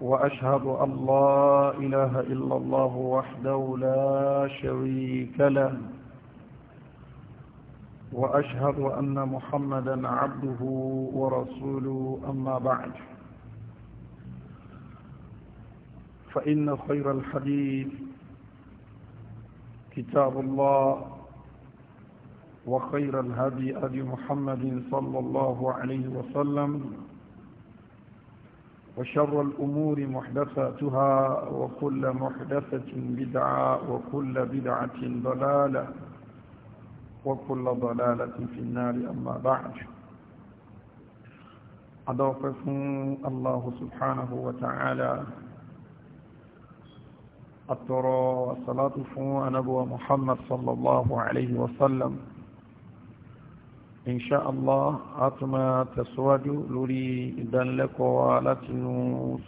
وأشهد أن لا إله إلا الله وحده لا شريك له وأشهد أن محمدا عبده ورسوله أما بعد فإن خير الحديث كتاب الله وخير الهدي أبي محمد صلى الله عليه وسلم وشر الأمور محدثاتها وكل محدثة بدعة وكل بدعة ضلالة وكل ضلالة في النار أما بعد أدوقف الله سبحانه وتعالى أترى صلاة فو نبوة محمد صلى الله عليه وسلم ان شاء الله اتما تسواد لوري دان لكو والاتن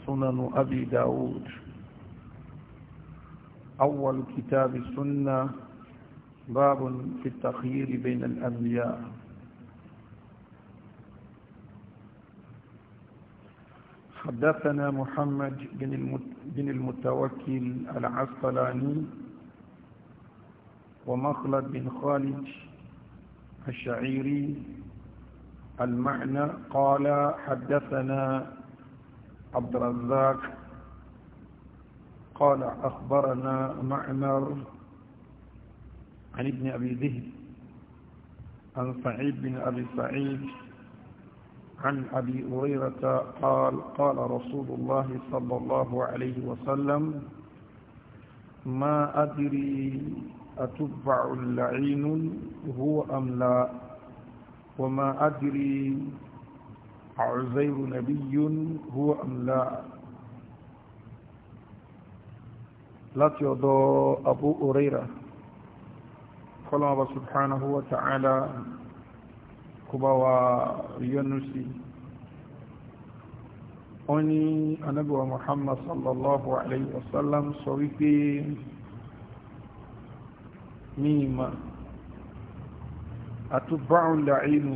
سنن ابي داود اول كتاب السنه باب في التخيير بين الانبياء حدثنا محمد بن المتوكل العسقلاني ومخلد بن خالد الشعيري المعنى قال حدثنا عبد الرزاق قال أخبرنا معمر عن ابن أبي ذهب عن سعيد بن أبي سعيد عن أبي هريرة قال قال رسول الله صلى الله عليه وسلم ما أدري أتبع اللعين هو أم لا وما أدري عزير نبي هو أم لا لا تيضى أبو أريرة قال الله سبحانه وتعالى كبوا ينسي أني أنبوى محمد صلى الله عليه وسلم صويبين ní ìmọ̀ àtúbáhùn làínú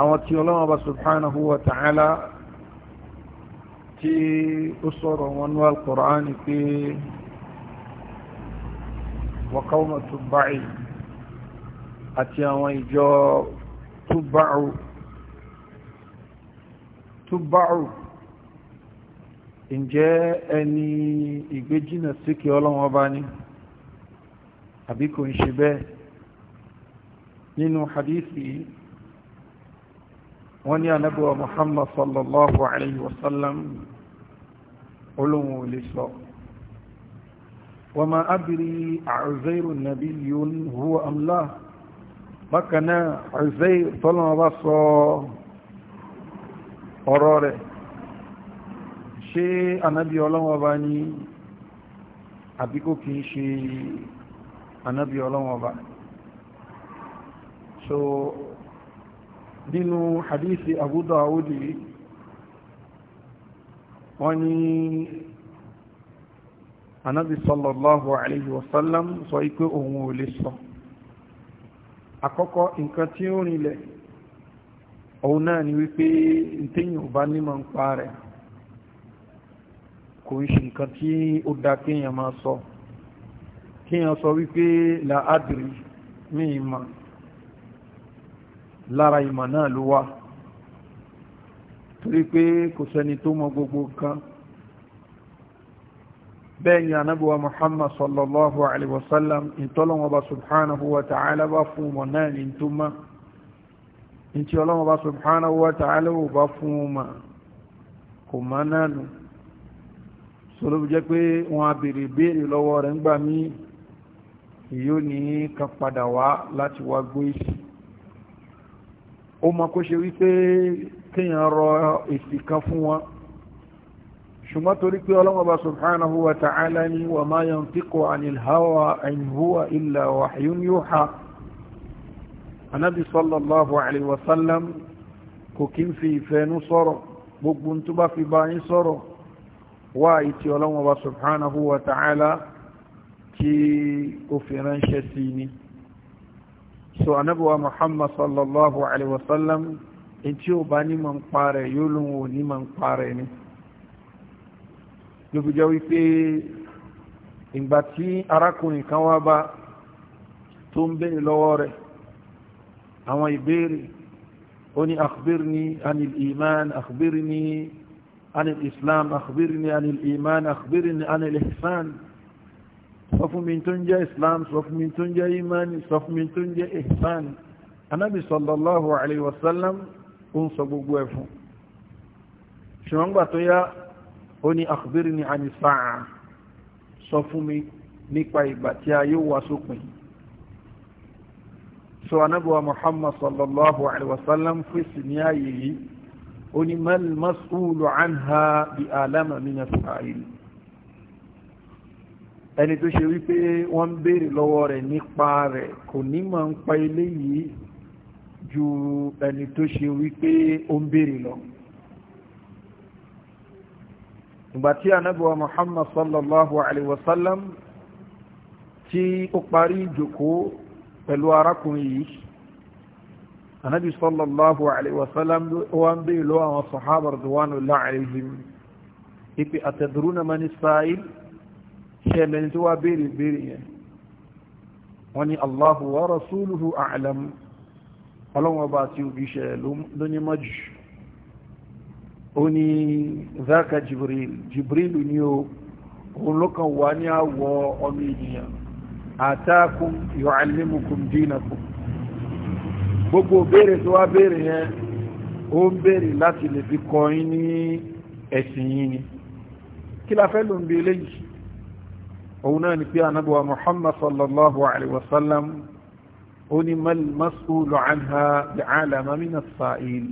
àwọn tí ọlọ́wọ́ bá subhanahu wa ta'ala tí ó sọ̀rọ̀ wọn ní al-Qur'ani pé wa qawma tubba'i àti àwọn ìjọ tubba'u ǹjẹ́ ẹni ìgbéjìnà síkì ọlọ́wọ́ bá ní àbí kò ń ṣe bẹ́ẹ̀ nínú hadithi wọ́n ní anábíwa muhammad sallallahu alayhi wa sallam olóhun ò lè sọ wa ma adri àrùzẹ́rù nabiyyun huwa am la bákanáà àrùzẹ́rù tọ́lọ́wọ́ bá sọ ọ̀rọ̀ rẹ̀ ṣé anábí ọlọ́wọ́ bá ní àbíkò kìí ṣe anábí ọlọ́wọ́n ọba so nínú hadithi Abu Dawud wọ́n ní anábí sallallahu alayhi Wasallam sallam sọ ikú òun ò lè sọ àkọ́kọ́ nǹkan tí ó rìnlẹ̀ òun náà ni wípé ntẹ́yìn ò bá nímọ̀ ń pa rẹ̀ kò ń ṣe nǹkan tí ó dá máa sọ so kí yàn sọ wípé làádìrí ní ìmọ̀ lára ìmọ̀ náà ló wá torí pé kò sẹ́ni tó mọ gbogbo nǹkan bẹ́ẹ̀ ni anábíwa muhammad sallallahu alaihi wasallam ìtọ́lọ́wọ́ba subhanahu wa ta'ala bá fún wọn náà ní tó máa ntí ọlọ́run bá subhanahu wa ta'ala ò bá fún un kò má nánu sọlọ́ bí jẹ́ pé wọ́n á béèrè lọ́wọ́ rẹ̀ ń gbà míì yóò ní kan padà wá láti wá gbé èsì ó mọ kó ṣe wípé kéèyàn rọ èsì kan fún wọn ṣùgbọ́n torí pé ọlọ́mọba subhanahu wa ta'ala ni wa ma yantiqu anil hawa in huwa illa wahyun yuha anabi sallallahu alayhi wa sallam kò kí n fi ìfẹ́nu sọ̀rọ̀ gbogbo tó bá fi bá yín sọ̀rọ̀ wá ìtì ọlọ́mọba subhanahu wa ta'ala tí ó fi ránṣẹ́ sí ni so anábọ̀wá muhammad sallallahu alaihi wasallam in tí ó bá ní ma ń parẹ̀ yóò lóun ò ní ma ń parẹ̀ ni ló fi jẹ́ wípé ìgbà tí arákùnrin kan wá bá tó ń béèrè lọ́wọ́ rẹ̀ àwọn ìbéèrè ó ní akhbirni anil iman akhbirni anil islam akhbirni anil iman akhbirni anil ihsan sọ fún mi tó ń jẹ́ islam sọ fún mi tó ń jẹ́ imani sọ fún mi tó ń jẹ́ ihsan anábì sallallahu alayhi wa sallam ó ń sọ gbogbo ẹ̀ fún ṣùgbọ́n gbà tó yá ó ní akhbirni ani sa'a sọ fún mi nípa ìgbà tí a yóò wá sópin so anábì wa muhammad sallallahu alayhi wa fèsì ní ààyè yìí ó ní mal mas'ulu anha bi alama min as-sa'il ẹni tó ṣe wípé wọ́n ń béèrè lọ́wọ́ rẹ̀ nípa rẹ̀ kò ní mọ̀ ń pa ilé yìí ju ẹni tó ṣe wípé ó ń béèrè lọ ìgbà tí anábíwa Muhammad sallallahu alaihi wasallam tí ó parí ìjòkó pẹ̀lú arákùnrin yìí anábí sallallahu alaihi wasallam wá ń béèrè lọ́wọ́ àwọn sahaba radwanullahi alaihim ipi atadruna mani sa'il ṣe ẹ̀mẹ́ni tó wá béèrè béèrè yẹn wọ́n ní Allahu wa rasuluhu a'lam ọlọ́wọ́n bá ti òbíṣẹ́ lónímọ́jù ó ní zaka jibril jibril ni ó òun ló kàn wá ní àwọ̀ ọmọ ènìyàn àtàkùn yu'allimukum dinakum gbogbo béèrè tó wá béèrè yẹn ó ń béèrè láti lè fi kọ́ ní ẹ̀sìn yín ni kí la fẹ́ lò ń eléyìí òun náà ni pé anábíwa muhammad sallallahu alaihi wasallam ó ní mas'ulu anha bi alama min as-sa'il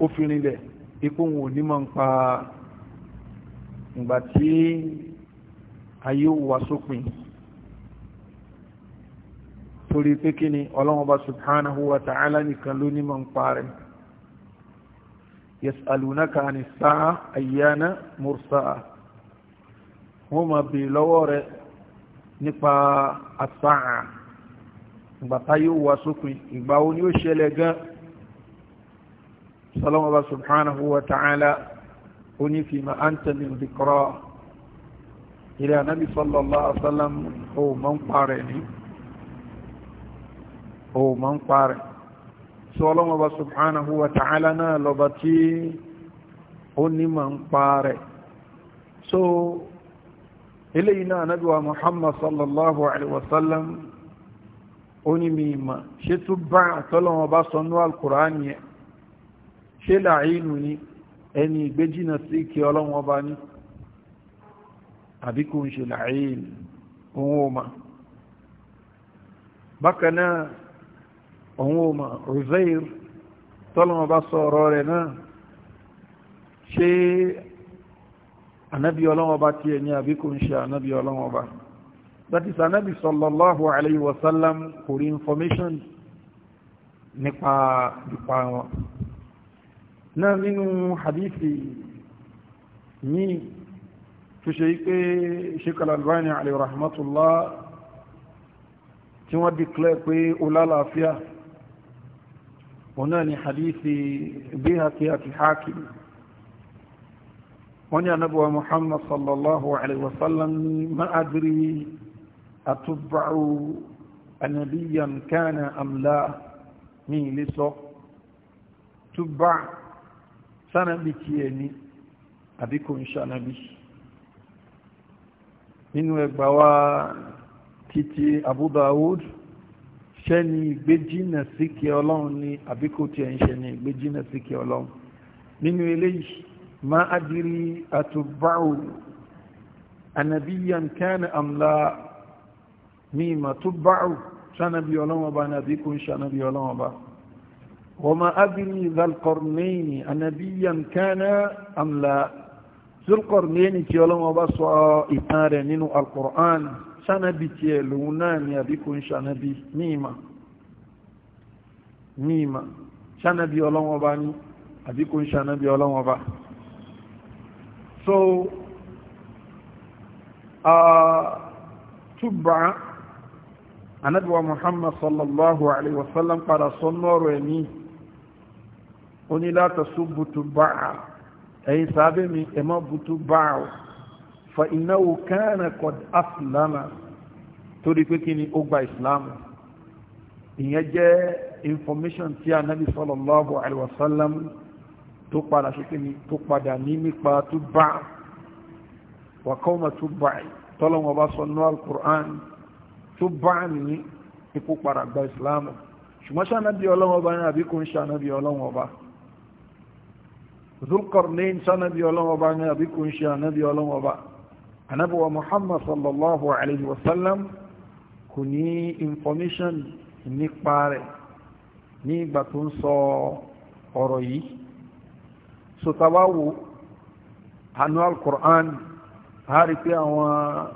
ó fi rinlẹ̀ ikú wọn ò ní máa ń pa ìgbà tí ayé wà sópin subhanahu wa ta'ala nìkan ló ní yas'alunaka anis sa'a ayyana mursa'a wọ́n máa bèèrè lọ́wọ́ rẹ̀ nípa àtàà ìgbàtá yóò wà sókùn ìgbà wo ni ó ṣẹlẹ̀ gan sọlọ́mọba subhanahu wa ta'ala ó ní fi ma ń tẹ̀lé ìdíkọ́rọ̀ ilẹ̀ anábì sallallahu alaihi wasallam ó máa ń parẹ̀ ní ó máa ń parẹ̀ sọlọ́mọba subhanahu wa ta'ala náà lọ́ba tí ó ní máa ń parẹ̀ so eléyìí náà anábíwa muhammad sallallahu alaihi wasallam ó ní mi ma ṣe tó bá àtọ́lọ́wọ́ bá sọnú alkùránì ẹ̀ ṣe làínú ni ẹni ìgbéjìnà sí kí ọlọ́wọ́ bá ní àbíkú ń ṣe làínú òun ó ma bákanáà òun ó ma Uzair tọ́lọ́wọ́ bá sọ ọ̀rọ̀ rẹ̀ náà ṣe ànábì ọlọ́wọ́ bá tí ẹni àbí kò ń ṣe ànábì ọlọ́wọ́ bá that is ànábì sallallahu alayhi wa sallam kò rí information nípa ipa wọn náà nínú hadithi ní tó ṣe pé Sheikh Al-Albani alayhi rahmatullah tí wọ́n declare pé ó lálàáfíà òun náà ni hadithi Bihaqi àti Hakim wọ́n ní anábọ̀wà muhammad sallallahu alaihi wasallam ni ma'adiri atubbaru anabiyan kana amla ní ilé sọ tubba sanabi kí ẹ ní àbíkò ń ṣanabi nínú ẹgbà wa títí abu dawud ṣẹ́ ni ìgbéjìnà síkẹ́ ọlọ́run ni àbíkò tí ẹ ń ṣe ni ìgbéjìnà síkẹ́ ọlọ́run nínú eléyìí ما أدري أتبع أنبيا كان أم لا مما تبع شنبي ولوم با نبيكم شنبي ولوم با وما أدري ذا القرنين أنبيا كان أم لا ذو القرنين تيولوم با سواء إتارنين القرآن شنبي تيلونان يبيكم شنبي مما مما شنبي ولوم با أبيكم شنبي ولوم با so uh, tuba anabiwa muhammad sallallahu alaihi wasallam padà sọ́nọ́rọ̀ ẹ̀mí ó ní láta súbù tuba ẹ̀yin sábẹ́ mi ẹ̀mọ́ bu tuba ọ̀ fa innahu kana qad aslama torí pé kí ni gba ìsìláàmù ìyẹn jẹ́ information tí anabi sallallahu alaihi wasallam tó padà ṣe kíni tó padà ní nípa tó bá wà qawma tó bá tọ́lọ́wọ́ bá sọ ní al-Qur'an tó bá ní ipò padà gba ìsìláàmù ṣùgbọ́n ṣànábí ọlọ́wọ́ bá ní àbíkú ń ṣànábí ọlọ́wọ́ bá Dhulqarnayn ṣànábí ọlọ́wọ́ bá ní àbíkú ń ṣànábí ọlọ́wọ́ bá anábíwa Muhammad sallallahu alaihi wasallam sallam kò ní information nípa rẹ̀ ní ìgbà tó ń sọ ọ̀rọ̀ yìí sọtawawo annual Quran a rí pé àwọn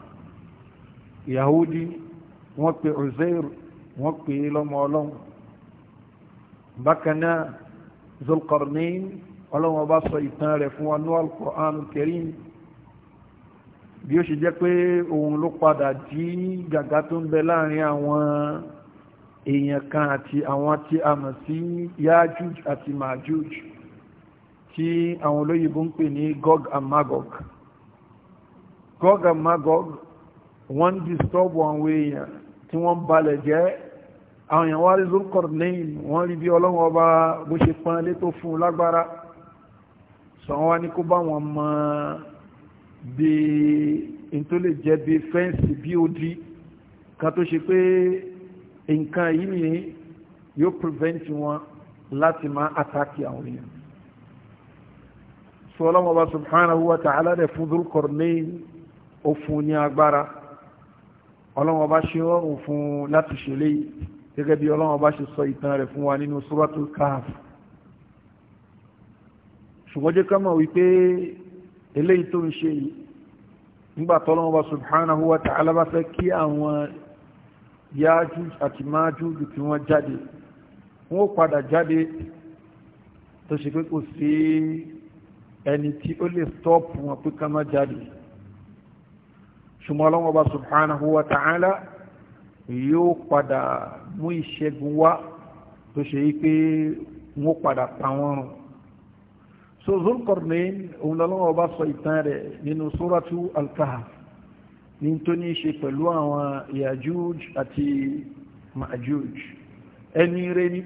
Yahudi wọ́n pe Uzair wọ́n pe lọ́mọ ọlọ́run bákan náà Zulqarnain ọlọ́run ọba sọ ìtàn rẹ̀ fún annual Quran Karim bí ó ṣe jẹ́ pé òun ló padà jí gàgá tó ń bẹ láàrin àwọn èèyàn kan àti àwọn tí a mọ̀ sí Yajuj àti Majuj tí àwọn olóyìnbó ń pè ní Gog and Magog Gog and Magog wọ́n ń disturb àwọn èèyàn tí wọ́n balẹ̀ jẹ́ àwọn èèyàn wá rí Zulqarnain wọ́n rí bí ọlọ́run ọba bó ṣe pọ́n lé tó fún un lágbára sọ wọ́n ní kó bá wọn mọ bí n tó lè jẹ́ bí fẹ́ǹsì bí odi kan tó ṣe pé nǹkan yìí ni yóò prevent wọn láti máa attack àwọn èèyàn so ọlọ́mọ bá subhanahu wa ta'ala dẹ̀ fún Dhul-Qarnayn ó fún ní agbára ọlọ́mọ bá ṣe ó fún láti ṣe lé gẹ́gẹ́ bí ọlọ́mọ bá ṣe sọ ìtàn rẹ̀ fún wa nínú Suratul Kahf ṣùgbọ́n jẹ́ ká mọ̀ wípé eléyìí tó ń ṣe yìí nígbà tọ́lọ́mọ subhanahu wa ta'ala bá fẹ́ kí àwọn Yájúj àti Májúj tí wọ́n jáde wọ́n padà jáde tó ṣe pé kò sí ẹni tí ó lè stọ́ọ̀pù wọn pé ká má jáde ṣùgbọ́n ọlọ́wọ́ bá subhanahu wa ta'ala yóò padà mú ìṣẹ́gun wá tó ṣe yí pé wọ́n padà pa wọ́n rùn so Zulqarnain òun lọ́wọ́ bá sọ ìtàn rẹ̀ nínú suratu al-Kahf ní tó ní ṣe pẹ̀lú àwọn Yajuj àti Majuj ẹni rẹ̀ ní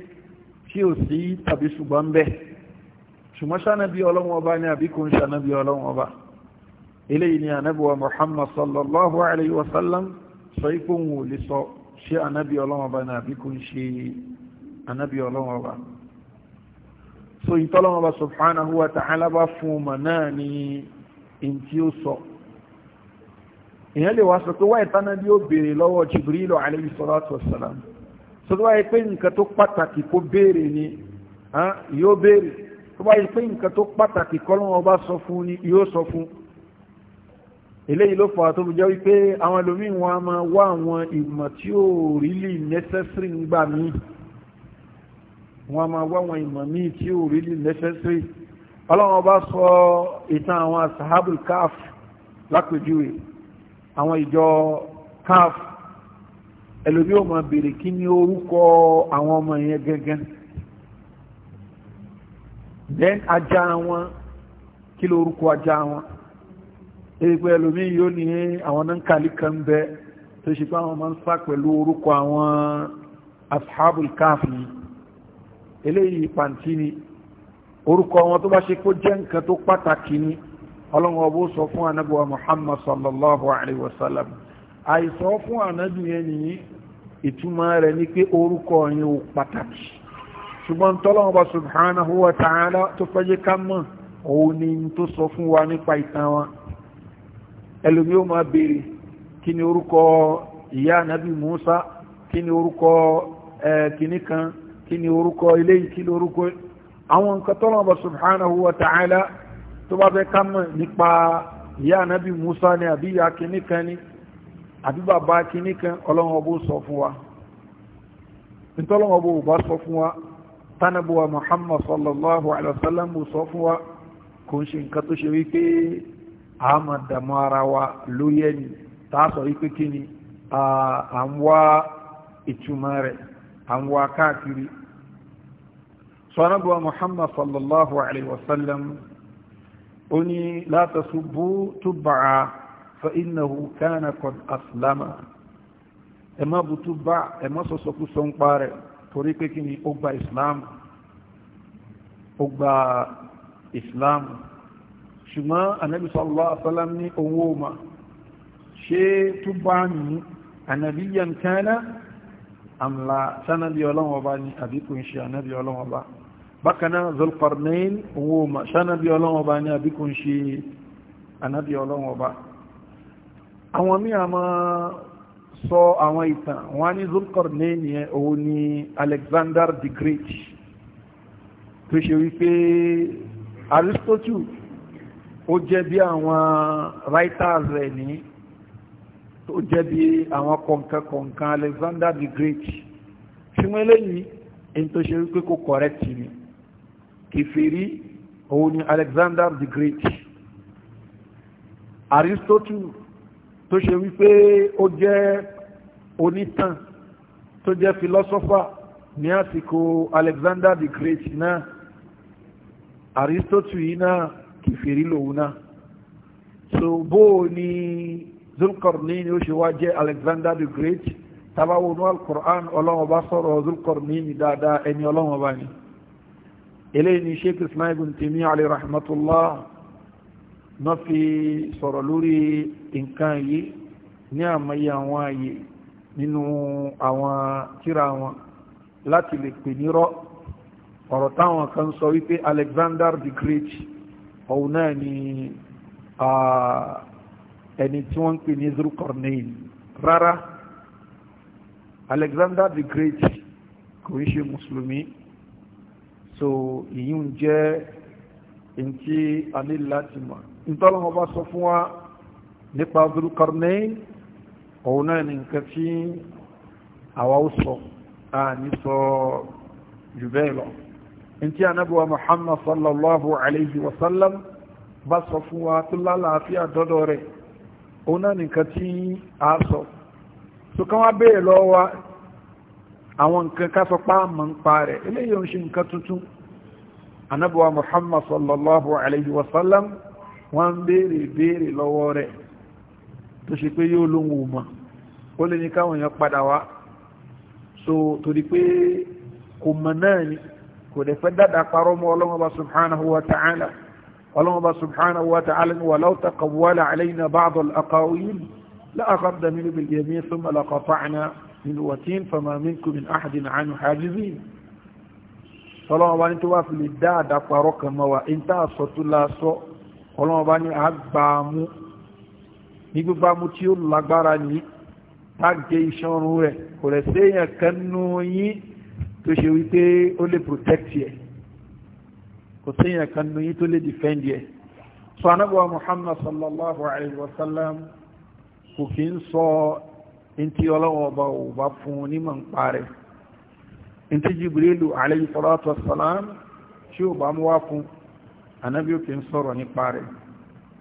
tí ò sí tàbí ṣùgbọ́n bẹ́ẹ̀ ṣùgbọ́n ṣánàbí ọlọ́run ọba ní àbíkún ṣánàbí ọlọ́run ọba eléyìí ni ànábíwa muhammad sallallahu alayhi wa sallam sọ ipò ń wò lè sọ ṣé ànábí ọlọ́run ọba ní àbíkún ṣe ànábí ọlọ́run ọba so ìtọ́lọ́run ọba subhanahu wa ta'ala bá fún ọmọ náà ní in tí ó sọ èèyàn lè wá sọ pé wáyé tánàbí ó béèrè lọ́wọ́ jibril alayhi salatu wa salam sọ pé nǹkan tó pàtàkì kó béèrè ni ah, yóò béèrè tó bá yẹ pé nǹkan tó pàtàkì kọ́lọ́wọ́ bá sọ fún ni yóò sọ fún eléyìí ló fà tó fi wípé àwọn ẹlòmíín wọn a máa wá àwọn ìmọ̀ tí ó really necessary nígbà míì wọn a máa wá àwọn ìmọ̀ míì tí ó really necessary ọlọ́wọ́n bá sọ ìtàn àwọn sahabul kaf lápèjúwe àwọn ìjọ kaf ẹlòmíín ò máa béèrè kí ni orúkọ àwọn ọmọ yẹn gẹ́gẹ́ then ajá wọn kí ló orúkọ ajá wọn ẹgbẹ́ ẹlòmí yóò ní àwọn náà kàlí kan bẹ tó ṣe pé àwọn máa ń sá pẹ̀lú orúkọ àwọn ashabul káfí eléyìí pàǹtí ni orúkọ wọn tó bá ṣe kó jẹ́ nǹkan tó pàtàkì ni ọlọ́run ọbọ̀ sọ fún anábíwa muhammad sallallahu alaihi wasallam àìsọ fún anábíyẹn nìyí ìtumọ̀ rẹ̀ ni pé orúkọ yẹn ò pàtàkì ṣùgbọ́n tọ́lọ́wọ́n bá subhanahu wa ta'ala tó fẹ́jẹ́ ká mọ̀ òun ni tó sọ fún wa nípa ìtàn wa ni orúkọ ìyá Musa kí ni orúkọ kan kí ni orúkọ ilé kí ni orúkọ àwọn nǹkan bá subhanahu wa ta'ala tó bá fẹ́ ká nípa Musa ni àbí ya ni abiba kan sọ tánàbùwà muhammad sallallahu alaihi wasallam sọ fún wa kò ń ṣe nǹkan tó ṣe wípé a máa dàmú ara wa lórí ẹni tààsọ̀ wípé kí ni à ń wá ìtumọ̀ rẹ̀ à ń wá káàkiri tánàbùwà muhammad sallallahu alaihi wasallam ó ní la tasubbu tubba'a fa innahu kana qad aslama ẹ má bu tubba'a ẹ má sọ̀sọ̀kú sọ ń pa rẹ̀ torí pé kí ni ó gba islam ó gba islam ṣùgbọ́n anabi sallallahu alaihi wasallam ní owó ma ṣe túbá ní anabiyan kana àmìlà sánàbí ọlọ́wọ́ bá ní àbíkù ń ṣe ànábí ọlọ́wọ́ bá bákanáà zulkarnain owó ma sánàbí ọlọ́wọ́ ní àbíkù ń ṣe ànábí ọlọ́wọ́ àwọn mí a máa sọ àwọn ìtàn wọ́n ní Zulqarnaini yẹn òun ni Alexander the Great tó ṣe wípé Aristotle ó jẹ́ bí àwọn writers rẹ̀ ní tó jẹ́ bí àwọn kọ̀ǹkan-kọ̀ǹkan Alexander the Great ṣùgbọ́n eléyìí èyí tó ṣe wípé kò correct ni kìfìrí òun ni Alexander the Great Aristotle tó ṣe wípé ó jẹ́ onítàn tó jẹ́ philosopher ní àsìkò Alexander the Great náà Aristotle yìí náà kìfèrí lòun náà so bó ni Zulkarnain ó ṣe wá jẹ́ Alexander the Great tabawonu al-Qur'an ọlọ́wọ́ bá sọ̀rọ̀ Zulkarnain dáadáa ẹni ọlọ́wọ́ bá ní eléyìí ni Sheikh Ismail ibn Taymiyyah alayhi rahmatullah náà fi sọ̀rọ̀ lórí nǹkan yìí ní àmọ́yé àwọn ààyè nínú àwọn tíra wọn láti lè pè nírọ́ ọ̀rọ̀ táwọn kan sọ wípé Alexander the Great òun náà ni ẹni tí wọ́n ń pè ní Zulkarnain rárá Alexander the Great kò ń ṣe mùsùlùmí so ìyún jẹ́ ntí a ní láti mọ̀ ntọ́lọ́wọ́ bá sọ fún wa nípa Dhul-Qarnayn òun náà ni nǹkan tí àwa ó sọ a ní sọ jù bẹ́ẹ̀ lọ ntí anábíwa Muhammad sallallahu alaihi wasallam sallam bá sọ fún wa tó lálàáfíà dọ́dọ̀ rẹ̀ òun náà ni nǹkan tí a sọ so kan wá béèrè lọ́wọ́ wa àwọn nǹkan ká sọ pá ń pa rẹ̀ eléyìí ò ń ṣe nǹkan tuntun anábíwa Muhammad sallallahu alaihi wasallam wọ́n ń béèrè béèrè lọ́wọ́ rẹ̀ tó ṣe pé yóò lóhun òmà ó lè ní káwọn èèyàn padà wá so torí pé kò mọ̀ náà ni kò dẹ̀ fẹ́ dáadáa parọ́ mọ́ ọlọ́mọba subhanahu wa ta'ala ọlọ́mọba subhanahu wa ta'ala ọlọ́run bá ní agbàmú ní gbígbàmú tí ó lágbára ní tágé iṣan ọrùn rẹ̀ kò rẹ̀ sí èèyàn kan nú yín tó ṣe wípé ó lè protect yẹ kò sí èèyàn kan nú yín tó lè defend yẹ sọ anábọ̀ Muhammad sallallahu alayhi wa sallam kò kí ń sọ ntí ọlọ́run ọba ò bá fún ní mọ̀ ń parẹ́ ntí Jibrilu alayhi salatu wa salam tí ó bá mú wá fún ànábí òkè ń sọ̀rọ̀ nípa rẹ̀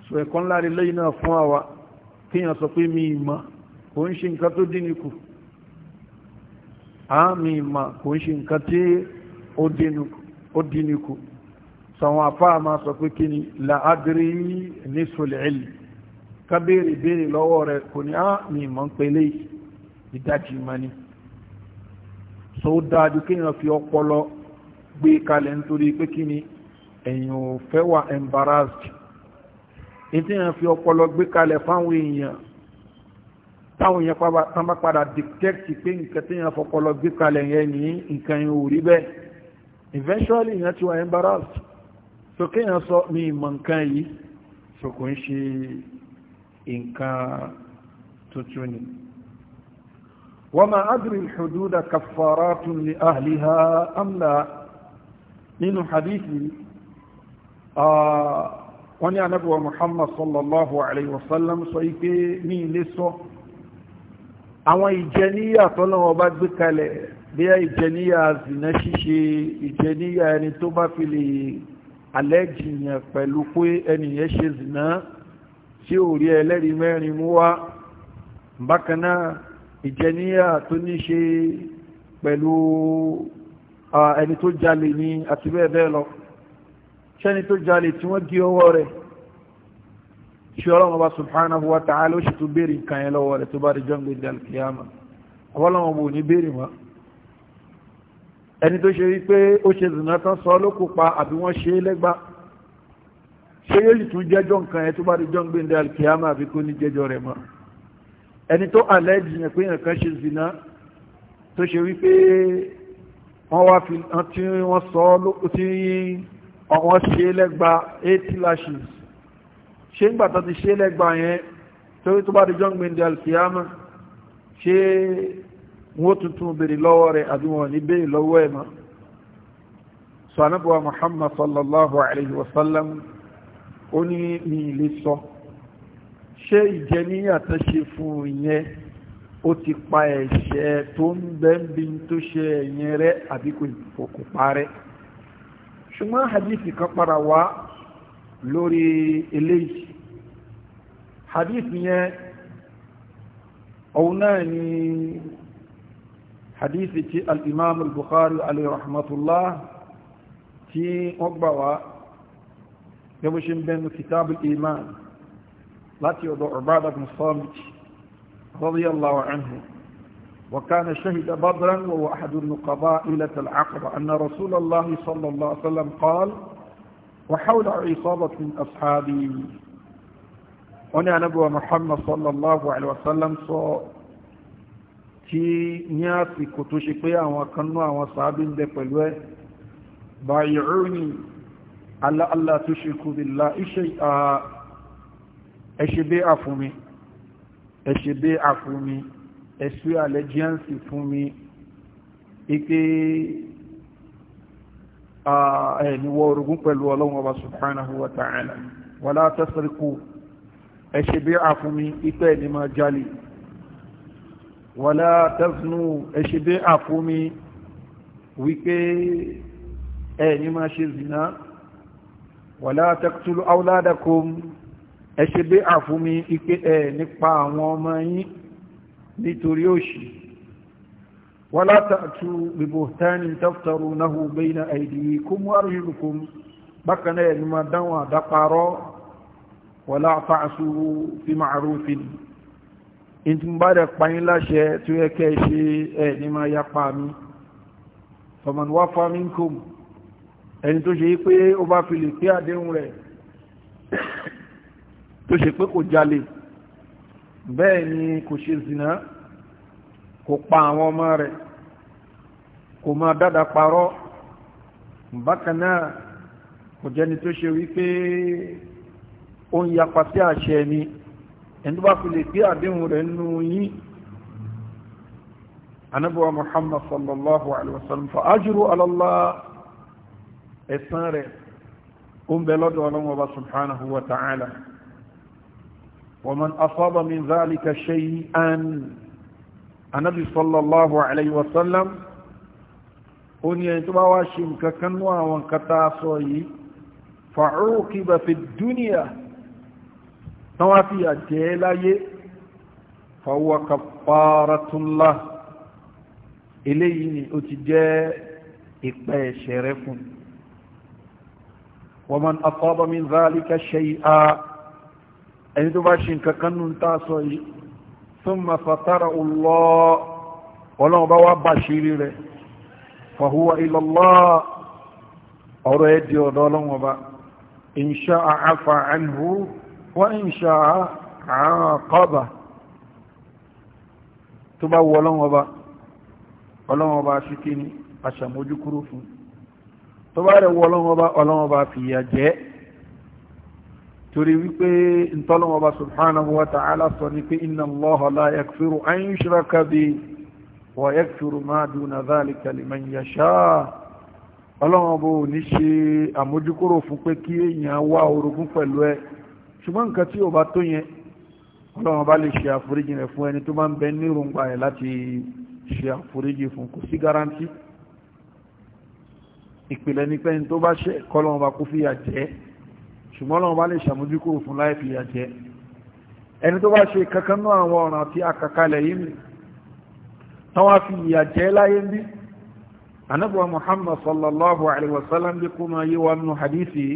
so ẹ̀kọ́ ńlá rí lẹ́yìn náà fún àwa kíyàn sọ pé mi ìmọ̀ kò ń ṣe nǹkan tó dínì kù àmì ìmọ̀ kò ń ṣe nǹkan tí ó dínì kù sọ̀wọ́n apá àmà sọ pé kí ni làádìrí ní sọlẹ̀ẹ́lì kábèrè béèrè lọ́wọ́ rẹ̀ kò ní àmì ìmọ̀ ń pele ìdájì ìmọ̀ ni so dáadù kíyàn fi ọpọlọ gbé kalẹ̀ nítorí pé kí ni ẹ̀yin ò fẹ́ wà embarrassed ètí èèyàn fi ọpọlọ gbé kalẹ̀ fáwọn èèyàn táwọn èèyàn tán bá padà dictate pé nǹkan tí èèyàn fọpọlọ gbé kalẹ̀ yẹn ní nǹkan yẹn ò rí bẹ́ẹ̀ eventually èèyàn ti wà embarrassed so kéèyàn sọ mi ìmọ̀ nǹkan yìí so kò ń ṣe nǹkan tuntun ni wọ́n máa adìrí ìṣòdúdà kàfàrà tún ní àhìlíhà amla nínú hadithi Ah, wọ́n ní anábíwa muhammad sallallahu alaihi wasallam sọ ipé ní ilé sọ àwọn ìjẹníyà tọ́lọ́wọ́ bá gbé kalẹ̀ bí i ìjẹníyà zina ṣíṣe ìjẹníyà ẹni tó bá fi lè alẹ́jìyàn pẹ̀lú pé ẹniyàn ṣe zina tí ò rí ẹlẹ́rìí mẹ́rin mú wá bákan náà ìjẹníyà tó ní ṣe pẹ̀lú ah, ẹni tó jalè ní àti bẹ́ẹ̀ bẹ́ẹ̀ lọ ṣẹ́ni tó jalè tí wọ́n gé ọwọ́ rẹ̀ ṣe ọlọ́run bá subhanahu wa ta'ala ó ṣe tó béèrè nǹkan yẹn lọ́wọ́ rẹ̀ tó bá rí jọ́ǹgbé dalkiyama ọlọ́run bò ní béèrè wọn ẹni tó ṣe rí pé ó ṣe zìnà tán sọ ló kópa àbí wọ́n ṣe é lẹ́gbà ṣé yóò tún jẹ́jọ́ nǹkan yẹn tó bá rí jọ́ǹgbé dalkiyama àbí kó ní jẹ́jọ́ rẹ̀ mọ́ ẹni tó àlẹ́jì yẹn pé nǹkan ṣe zìnà tó ṣe wípé wọ́n wá fi hàn tí wọ́n sọ lókùn tí yín àwọn ṣe 80 lashes ṣe ń gbàtà ti ṣe lẹ́gba yẹn torí tó bá di john gbendi alfiyama ṣe wọ́n tuntun bèèrè lọ́wọ́ rẹ̀ àbí wọn ní bèèrè lọ́wọ́ ẹ̀mọ́ sọ anábọ̀wà muhammad sallallahu alaihi wasallam ó ní mi lè sọ ṣe ìjẹníyà tó ṣe fún ìyẹn ó ti pa ẹ̀ṣẹ̀ tó ń bẹ́ẹ̀ tó ṣe ẹ̀yẹn rẹ̀ àbí kò parẹ́ ṣùgbọ́n hadithi kan padà wá lórí eléyìí hadithi yẹn òun náà ni hadithi ti al'imam al-bukhari alayhi rahmatullah tí wọ́n gbà wá gẹ́gbẹ́ ṣe ń bẹnu kitab al-iman láti ọ̀dọ̀ ọ̀bá radiyallahu anhu وكان شهد بدرا وهو أحد النقباء إلة العقبة أن رسول الله صلى الله عليه وسلم قال وحول عصابة من أصحابي هنا نبوة محمد صلى الله عليه وسلم صلى tí ní àsìkò tó ṣe pé àwọn kanú àwọn sàábí ń bẹ pẹ̀lú ẹ báyìí aláàlá tó ṣe kú bílá ẹ̀sùn allegiance fún mi ike ẹ̀niwọ̀ orogún pẹ̀lú ọlọ́run ọba subhanahu wa ta'ala wala tasriqu ẹ̀ṣẹ̀ bí a fún mi ipẹ́ ni máa jalè wala taznu ẹ̀ṣẹ̀ bí a fún mi wípé ẹni máa ṣe zina wala taqtulu nítorí òṣì wala ta'tu bi buhtanin taftarunahu bayna aydikum wa arjulikum bákan náà ẹni máa dáwọn àdáparọ́ wala ta'su fi ma'rufin ìtùmbádẹ̀ pàyín láṣẹ tó yẹ kẹ́ ṣe ẹ̀ ní máa yapa mi faman wafa minkum ẹni tó ṣe pé ó bá fi lè pé àdéhùn rẹ̀ tó ṣe pé kò jalè bẹ́ẹ̀ ni kò ṣe zina kò pa àwọn ọmọ rẹ̀ kò máa dada parọ́ bákan náà kò jẹ́ni tó ṣe wípé ó ń yapa sí àṣẹ ni ẹni tó bá fi lè gbé àdéhùn rẹ̀ nínú yín anábọ̀wà muhammad sallallahu alaihi wasallam fa ajru ala Allah rẹ̀ ó ń bẹ lọ́dọ̀ ọlọ́wọ́ subhanahu wa ta'ala ومن أصاب من ذلك شيئا النبي صلى الله عليه وسلم أن يتبعوا شمك كنوا وانكتاسوي فعوقب في الدنيا نوافي الجيلاي فهو كفارة الله إليه أتجاء إقبال شرف ومن أصاب من ذلك شيئا ẹni tó bá ṣe nǹkan kan nù tá a sọ yìí thumma fatara Allah ọlọ́run bá wá bàṣírí rẹ̀ fahuwa ila Allah ọ̀rọ̀ ẹ̀ di ọ̀dọ̀ ọlọ́run ọba in sha'a afa anhu wa in sha'a aqaba tó bá wọ ọlọ́run ọba sí kí ni aṣàmójúkúrò fún tó bá rẹ̀ wọ ọlọ́run ọba ọlọ́run ọba fìyà jẹ́ torí wípé ntọ́lọ́mọba subhanahu wa ta'ala sọ ní pé inna Allaha la yakfiru an yushraka bi wa yakfiru ma duna dhalika liman yasha ọlọ́mọba ò ní ṣe àmójúkúrò fún pé kí èèyàn wá orogún pẹ̀lú ẹ ṣùgbọ́n nǹkan tí ò bá tó yẹn ọlọ́mọba lè ṣe àforíjì rẹ̀ fún ẹni tó bá ń bẹ nírùngbà ẹ̀ láti ṣe àforíjì fún kò sí garanti ìpìlẹ̀ ní tó bá ṣe kọ́lọ́mọba kó fìyà jẹ́ ṣùgbọ́n lọ́wọ́ bá lè ṣàmójúkúrò fún láì fìyà jẹ ẹni tó bá ṣe kankan náà àwọn ọ̀ràn àti àkàkalẹ̀ yìí mi tánwà fi ìyà jẹ láyé bí anábọ̀ muhammad sallallahu alaihi wasallam bí kó máa yíwa nù hadisi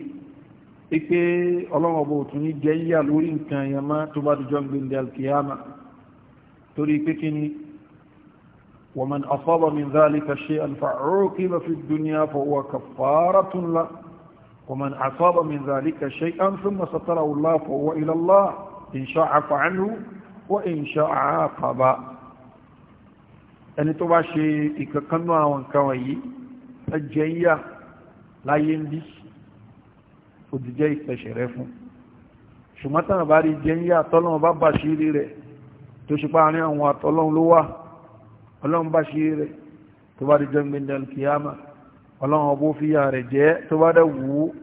ipé ọlọ́wọ́bọ̀ òtún ní jẹ yíyà lórí nǹkan yẹn má tó bá dùjọ́ gbìndẹ̀ alkiyama torí pé kí ni wọ́n man asaba min zalika shay'an fa'uqiba fi dunya fa huwa kaffaratun lahu ومن أصاب من ذلك شيئا ثم ستره الله فهو إلى الله إن شاء فعنه وإن شاء عاقب ẹni tó bá ṣe ìkankanú àwọn nǹkan wọ̀nyí ẹjẹ́ yíyà láyé ń bí òdìjẹ́ ìpẹ̀ṣẹ̀ rẹ fún ṣùgbọ́n tàn bá rí jẹ́ yíyà tọ́lọ́run bá bá ṣe rí rẹ̀ tó ṣe pa àárín àwọn àtọ́lọ́run ló wà ọlọ́run bá ṣe rí rẹ̀ tó bá rí jẹ́ gbẹ̀ndẹ̀ kìyàmá ọlọ́run ọbó fíyà rẹ̀ jẹ́ tó bá dẹ̀ wù ú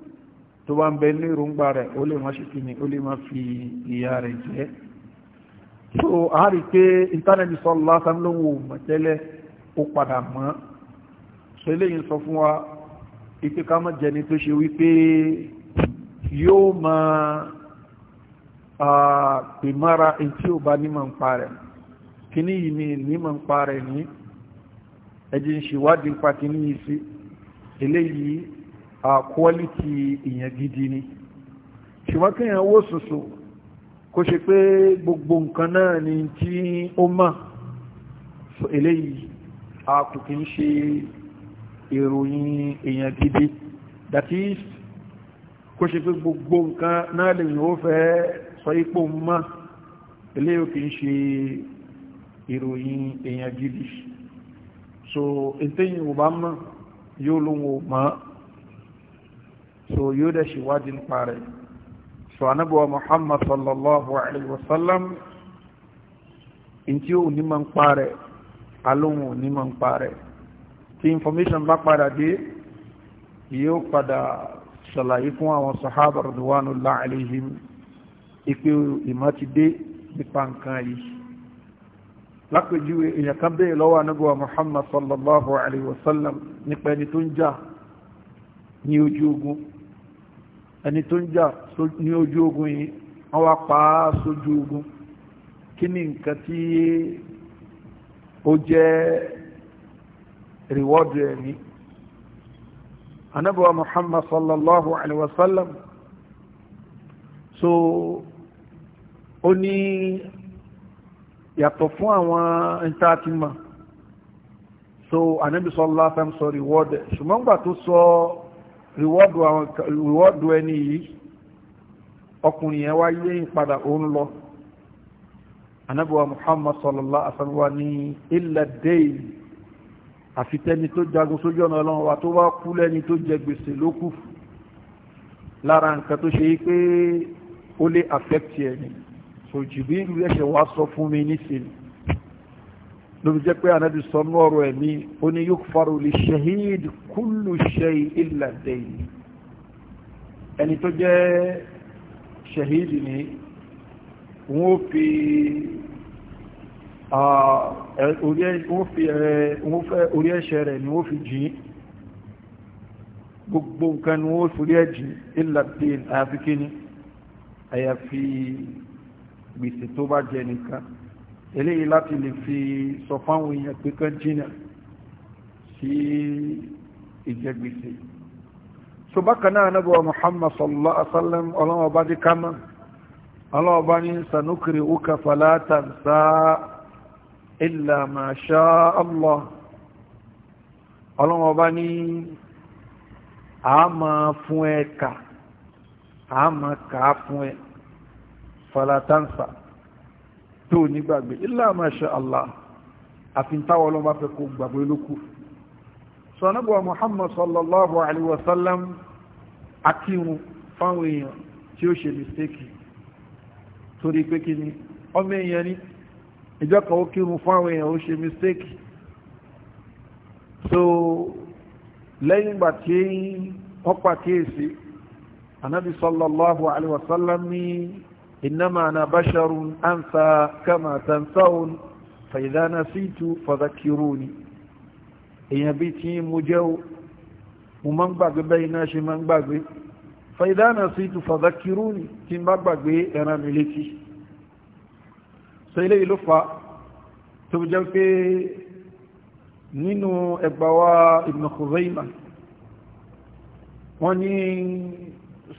tó bá ń bẹ ní ìrúngbà rẹ̀ ó lè má ṣìkì ní ó lè má fi ìyà rẹ̀ jẹ́ so a rí pé ìntánẹ́ẹ̀tì sọ lásán ló wò mọ̀ tẹ́lẹ̀ ó padà mọ́ so eléyìí sọ fún wa ìpè ká mọ̀ jẹni tó ṣe wípé yóò máa ń pa rẹ̀ kíní yìí ni nímọ̀ ń pa rẹ̀ ní ẹ̀jẹ̀ eléyìí quality ìyẹn gidi ni ṣùgbọ́n kí èèyàn wó sùsù kó ṣe pé gbogbo nǹkan náà ni tí ó mọ̀ so eléyìí a kò kí ń ṣe ìròyìn èèyàn gidi that is kó ṣe pé gbogbo nǹkan náà lè yíò fẹ́ sọ ipò mọ́ eléyìí kì í ṣe ìròyìn èèyàn gidi so ìtẹ́yìn ò bá mọ́ yóò lóun ò mọ́ so yóò dẹ̀ ṣèwádìí nípa rẹ̀ so anábọ̀ muhammad sallallahu alayhi wa sallam ntí òun ní máa ń pa rẹ̀ alóhun ń pa tí information bá padà dé yóò padà ṣàlàyé fún àwọn sahaba radwanullahi alayhim ipe ìmọ̀ ti dé nípa nǹkan yìí lápèjúwe èèyàn kan bèèrè lọ́wọ́ anábíwá muhammad sallallahu alayhi wa sallam nípa ẹni tó ń jà ní ojú ogun ẹni tó ń jà ní ojú ogun yìí wọ́n wá pa á sójú ogun kí ni nǹkan tí ó jẹ́ rewọ́dù ẹ̀mí anábíwá muhammad sallallahu alayhi wa so ó ní yàtọ̀ fún àwọn ìtàtìmọ̀ so Ànábì sallallahu alaihi wasallam sọ reward ṣùgbọ́n gbà tó sọ reward ẹni yìí ọkùnrin yẹn wáyé ìpadà òun lọ Ànábì wa Muhammad sallallahu alaihi wasallam wa ní illa dayn àfitẹ́ni tó jagun sójú ọ̀nà ọlọ́run wa tó bá kú lẹ́ni tó jẹ gbèsè ló kù lára nǹkan tó ṣe yí pé ó lè affect ẹni so jìbìrì lẹ́sẹ̀ wá sọ fún mi nísìnyí ló fi jẹ́ pé anábì sọ ní ọ̀rọ̀ ẹ̀mí ó ní yukfaru li shahid kullu shay illa dayn ẹni tó jẹ́ shahid ni wọ́n fi orí ẹ̀ṣẹ̀ rẹ̀ ni wọ́n fi jìn gbogbo nǹkan ni wọ́n fi orí ẹ̀jìn illa dayn àyàfi kíni àyàfi gbèsè tó bá jẹ nìkan eléyìí láti lè fi sọ fáwọn èèyàn pé kán jìnà sí ìjẹ gbèsè so bákan náà Ànábì wa Muhammad sallallahu alaihi wa sallam ọlọ́wọ́ bá dé kámá ọlọ́wọ́ bá ní sanukiri uka falata sa illa ma sha Allah ọlọ́wọ́ bá ní àmà fún ẹ̀ka àmà kàá fún ẹ̀ka falatansa tó nígbàgbé illa ma sha Allah àfintàwọ̀ lọ́n bá fẹ́ kó gbàgbé lókù sọ̀nàbọ̀ Muhammad sallallahu alaihi wasallam akírun fáwọn èèyàn tí ó ṣe mistake torí pé kí ni ọmọ èèyàn ní ìjọ kan ó kírun fáwọn èèyàn ó ṣe mistake so lẹ́yìn ìgbà tí wọ́n pàkíyèsí anábi sallallahu alaihi wasallam ní إنما أنا بشر أنسى كما تنسون فإذا نسيت فذكروني إن بيتي مجو ومن بقى بينا شي من بقى فإذا نسيت فذكروني تن بقى أنا ملكي سيلي لفا تبجل في نينو إبواء ابن خزيمة وني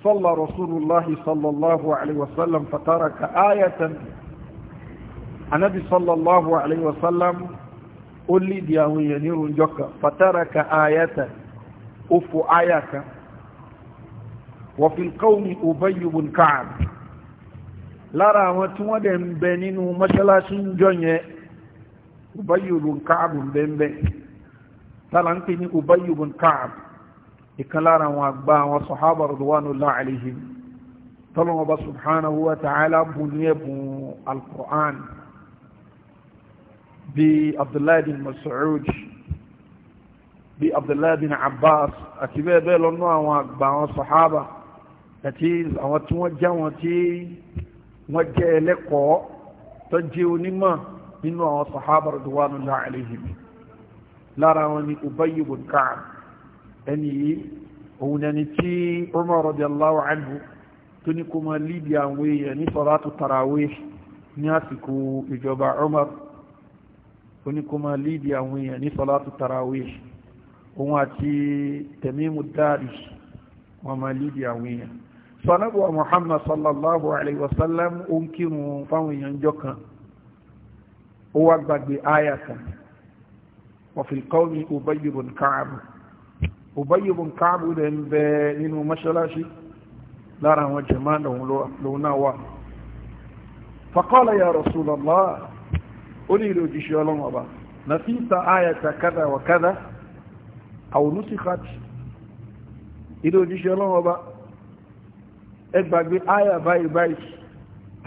صلى رسول الله صلى الله عليه وسلم فترك آية النبي صلى الله عليه وسلم قل لي دياهو ينير جوكا فترك آية أفو آيك وفي القوم أبي بن كعب لارا وتمدن بنينو مشلاشين جونيه أبي بن كعب بن بن تلانتني أبي بن كعب ìkan lára àwọn àgbà àwọn sàhábà radwanullahi alaihim tọ́lọ́wọ́ bá subhanahu wa ta'ala bù ní ẹ̀bùn al-Qur'an bí Abdullahi bin Mas'ud bí Abdullahi bin Abbas àti bẹ́ẹ̀ bẹ́ẹ̀ lọ́nà àwọn àgbà àwọn sàhábà àti àwọn tí wọ́n jẹ́ wọn tí wọ́n jẹ́ ẹlẹ́kọ̀ọ́ tó jẹ́ onímọ̀ nínú àwọn sàhábà radwanullahi alaihim lára wọn ni Ubayy bin Ka'b ẹni yìí òun ẹni tí Umar radiyallahu anhu tó ní kó máa líbi àwọn èèyàn ní salatu tarawih ní àsìkò ìjọba Umar ó ní kó máa líbi àwọn èèyàn ní salatu tarawih òun àti Tamimu Dari wọn máa líbi wa sallam aya kan wa fil qawmi ubayy ibn ka'b Ubayy ibn Ka'b rẹ̀ ń bẹ nínú mọ́ṣáláṣí lára àwọn jẹ̀má lòun náà wà faqala ya Rasulallah ó ní ilé òjíṣẹ́ ọlọ́run ọba nasita ayata kada wa kada aw nusikhat ilé òjíṣẹ́ ọlọ́run ọba ẹgbàgbé ayà báyìí báyìí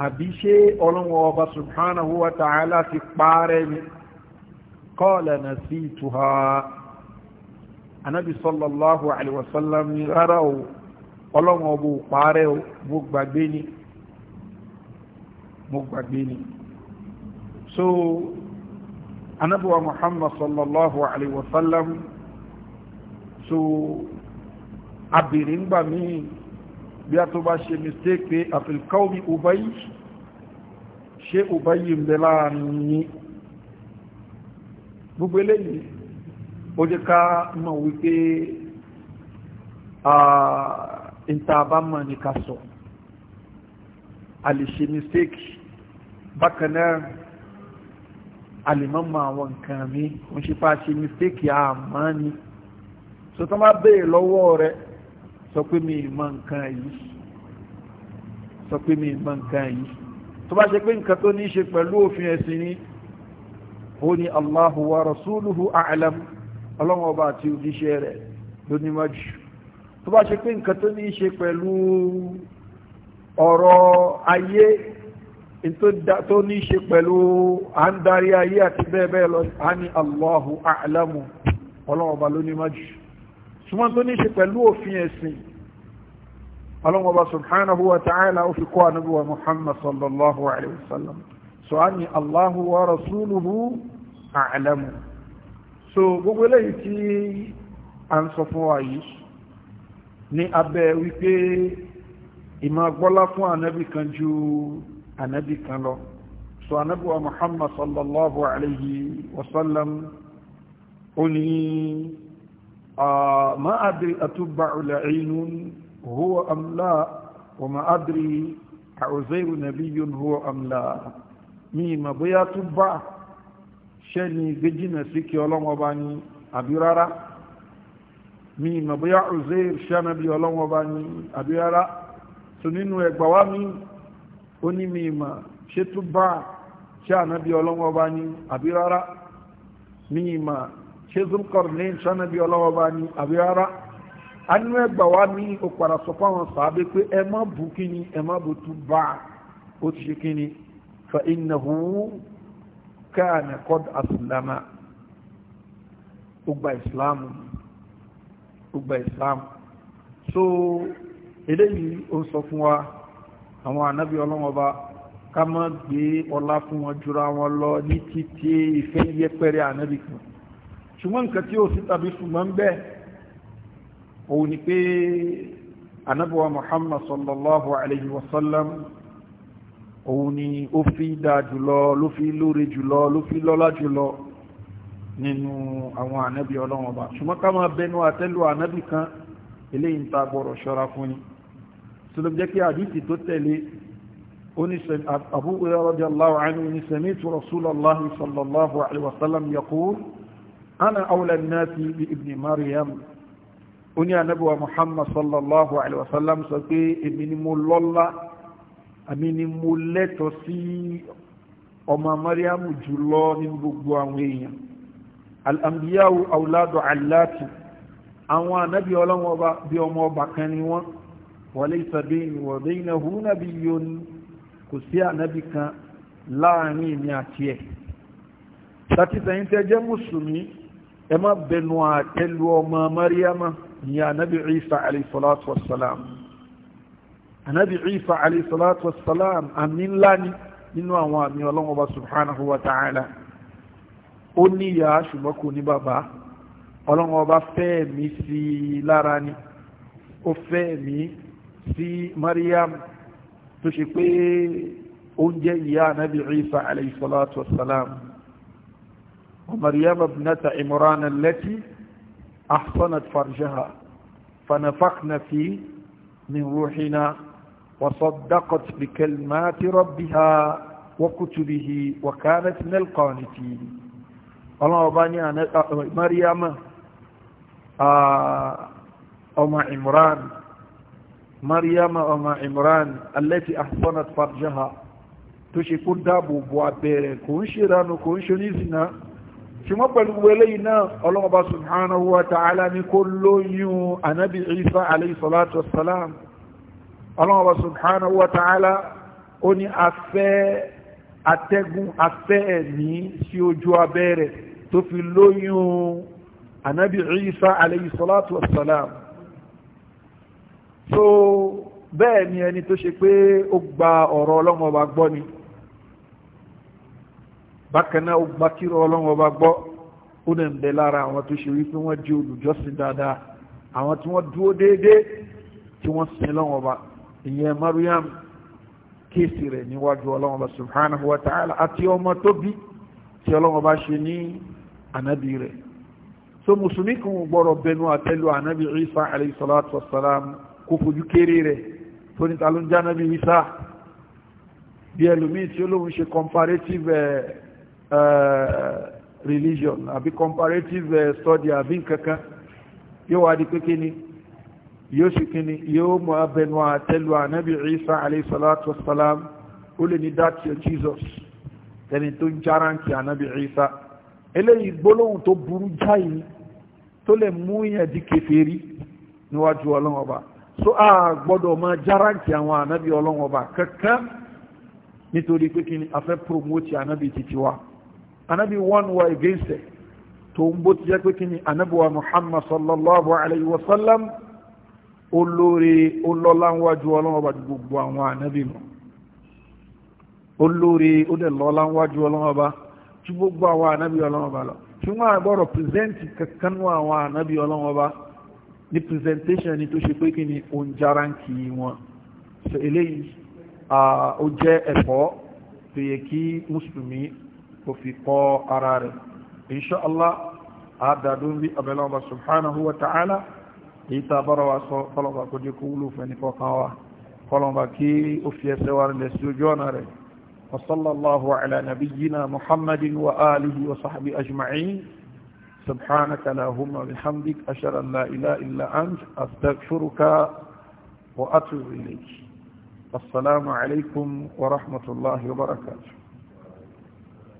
àbí ṣe ọlọ́run ọba subhanahu wa ta'ala ti pààrẹ mi qala nasituha anábì sallallahu alaihi wasallam ní rárá o ọlọ́run ọbọ̀ pààrẹ o mo gbàgbé ni mo gbàgbé ni so anábì wa muhammad sallallahu alaihi wasallam so abìrin gbà míì bí a tó bá ṣe mistake pé àfilkọ́wí ubayi ṣe ubayi ń bẹ láàrin yìí gbogbo eléyìí ó jẹ́ ká mọ̀ wípé ìtàbámọ̀ ní ká sọ a lè ṣe mistake bákanáà alìmọ́mọ̀ àwọn nǹkan mi ń ṣe fà ṣe mistake àmọ́ ni so tó má bèèrè lọ́wọ́ rẹ sọ pé mi ìmọ̀ nǹkan yìí sọ pé mi ìmọ̀ nǹkan yìí tó bá ṣe pé nǹkan tó ní ṣe pẹ̀lú òfin ẹ̀sìn ni ó ní Allahu wa rasuluhu a'lam ọlọ́run ọba àti òjíṣẹ́ rẹ̀ ló níwájú tó bá ṣe pé nǹkan tó ní í ṣe pẹ̀lú ọ̀rọ̀ ayé tó ní í ṣe pẹ̀lú à ń darí ayé àti bẹ́ẹ̀ bẹ́ẹ̀ lọ á ní Allahu a'lamu ọlọ́run ọba ló níwájú ṣùgbọ́n tó ní ṣe pẹ̀lú òfin ẹ̀sìn ọlọ́run subhanahu wa ta'ala ó fi kọ́ ànábì Muhammad sallallahu alayhi wa so á ní Allahu wa rasuluhu a'lamu so gbogbo eléyìí tí a ń sọ fún wa yìí ní abẹ́ wípé ìmọ̀ gbọ́lá fún ànábì kan ju ànábì kan lọ so ànábì wa muhammad sallallahu alayhi wa sallam ó ní ma adri atuba'u la'inun huwa am wa ma adri a'uzairu nabiyyun huwa am mi ma bóyá tubba'u ṣẹ́ni gbéjìnà sí kí ọlọ́wọ́ba ní àbí rárá mi ìmọ̀ bóyá Uzair ṣẹ́nàbí ọlọ́wọ́ba ní àbí rárá tó nínú ẹgbà wá mi ó ní mi ìmọ̀ ṣe tó bá ṣẹ́nàbí ọlọ́wọ́ba ní àbí rárá mi ìmọ̀ ṣe Zulqarnain ṣẹ́nàbí ọlọ́wọ́ba ní àbí rárá anú ẹgbà wá mi ó padà sọ fáwọn sàábé pé ẹ má bù kíni ẹ má bù tó bá ó ti ṣe kíni fa innahu káàna kọ́d asùlámà ọgbà ìsìláàmù ọgbà ìsìláàmù so eléyìí ó sọ fún wa àwọn ànábì ọlọ́mọba ká má gbé ọlá fún wọn jura wọn lọ ní títí ìfẹ́ yẹpẹrẹ ànábì kan ṣùgbọ́n nǹkan tí ó sì tàbí ṣùgbọ́n bẹ́ẹ̀ òun ni pé ànábì wa muhammad sallallahu alayhi wa sallam òun ni ó fi dáa jùlọ ló fi lóore jùlọ ló fi lọ́lá jùlọ nínú àwọn ànábì ọlọ́run ọba ṣùgbọ́n ká máa bẹnu àtẹ́lù ànábì kan eléyìí ń ta gbọ́rọ̀ ṣọ́ra fún ni sọlọ́bí jẹ́ kí àdìsí tó tẹ̀lé Abu Hurairah radiyallahu anhu ní sami'tu rasulallahi sallallahu alayhi wa sallam yaqul ana awla an-nasi àmì ni mo lẹ́tọ̀ sí ọmọ mariamu jùlọ nínú gbogbo àwọn èèyàn al'ambiyahu auladu allati àwọn ànábì ọlọ́wọ́ bá bí ọmọ ọba kan ni wọ́n wọlé ìsàbí ìwọ̀dé iná hu nàbí yóò ní kò sí ànábì kan láàrin ìní àti ẹ̀ láti tẹ́ jẹ́ mùsùlùmí ẹ bẹnu àtẹ́lu ọmọ mariamu ni ànábì isa alayhi salatu wassalam anabi isa alayhi salatu wa salam àmì ńlá ni nínú àwọn àmì ọlọ́wọ́ bá subhanahu wa ta'ala ó ní ìyá ṣùgbọ́n kò ní bàbá ọlọ́wọ́ bá fẹ́ mi sí i lára ni ó fẹ́ mi sí mariam tó ṣe pé oúnjẹ ìyá anabi isa alayhi salatu wa salam ومريم ابنة عمران التي أحصنت فرجها فنفخنا فيه من روحنا وصدقت بكلمات ربها وكتبه وكانت من القانتين الله باني أنا مريم ام عمران مريم ام عمران التي أحصنت فرجها تشكر دابو بوابير كونشيران كونشنيزنا ثم pẹ̀lú wẹlé iná ọlọ́ọ̀bá وتعالى wa ta'ala ní kó lóyún anábi isa alayhi ọlọ́wọ́ subhanahu wa ta'ala ó ní afẹ́ atẹ́gùn afẹ́ ẹ̀mí sí ojú abẹ́ rẹ̀ tó fi lóyún anabi Isa alayhi salatu wassalam so bẹ́ẹ̀ ni ẹni tó ṣe pé ó gba ọ̀rọ̀ ọlọ́wọ́ ọba gbọ́ ni bákan náà ó gba kírọ ọlọ́wọ́ gbọ́ ó dẹ̀ ń bẹ lára àwọn tó ṣe wípé wọ́n jẹ́ olùjọ́sìn dáadáa àwọn tí wọ́n dúró déédéé tí wọ́n sin lọ́wọ́ ìyẹn Maryam kéèsì rẹ̀ níwájú ọlọ́run ọba subhanahu wa ta'ala àti ọmọ tó tí ọlọ́run ọba ṣe ní ànábì rẹ̀ so mùsùlùmí kan gbọ́rọ̀ bẹnu àtẹ́lu ànábì Isa alayhi salatu wassalam kò fojú kéré rẹ̀ tó ní taló ń já Isa bí ẹlòmíì tí olóhun ṣe comparative eh, eh, religion àbí comparative eh, study àbí nkankan yóò wá di pé kí ni yóò sì kíni yóò mọ abẹnu àtẹ́lu ànábì Isa alayhi salatu wassalam ó lè ní that your Jesus ẹni tó ń járáǹkì ànábì Isa eléyìí gbólóhùn tó burú jáì tó lè mú yẹn di kèfèrí níwájú ọlọ́wọ́n so a gbọ́dọ̀ máa járáǹkì àwọn ànábì ọlọ́wọ́n kankan nítorí pé kí ni a fẹ́ promote ànábì títí wa ànábì one wa against ẹ̀ tó ń bó ti jẹ́ pé kí ni ànábì wa Muhammad sallallahu alayhi wa sallam olóore olọ́lá ń wájú ọlọ́wọ́ bá gbogbo àwọn ànábì lọ olóore ó dẹ̀ lọ́lá ń wájú ọlọ́wọ́ bá tí gbogbo àwọn ànábì ọlọ́wọ́ bá lọ tí wọ́n àgbọ̀rọ̀ pírẹsẹ́ǹtì kankan àwọn ànábì ọlọ́wọ́ ní presentation ni tó ṣe pé kí ni oúnjára ń kì í wọn so eléyìí ó jẹ́ ẹ̀kọ́ tó yẹ kí mùsùlùmí kò fi kọ́ ara rẹ̀ inṣọ́lá àdàdún bí abẹ́lẹ́ ọba subhanahu wa ta'ala èyí tá bára wa sọ kọlọ̀bà kó jẹ́ kó wúlò fẹ́ni kọkàn wa kọlọ̀bà kí ó fi ẹsẹ̀ wa rẹ̀ sí ojú ọ̀nà rẹ̀ وصلى الله على نبينا محمد وآله وصحبه أجمعين سبحانك اللهم بحمدك أشهد أن لا إله إلا أنت أستغفرك وأتوب إليك السلام عليكم ورحمة الله وبركاته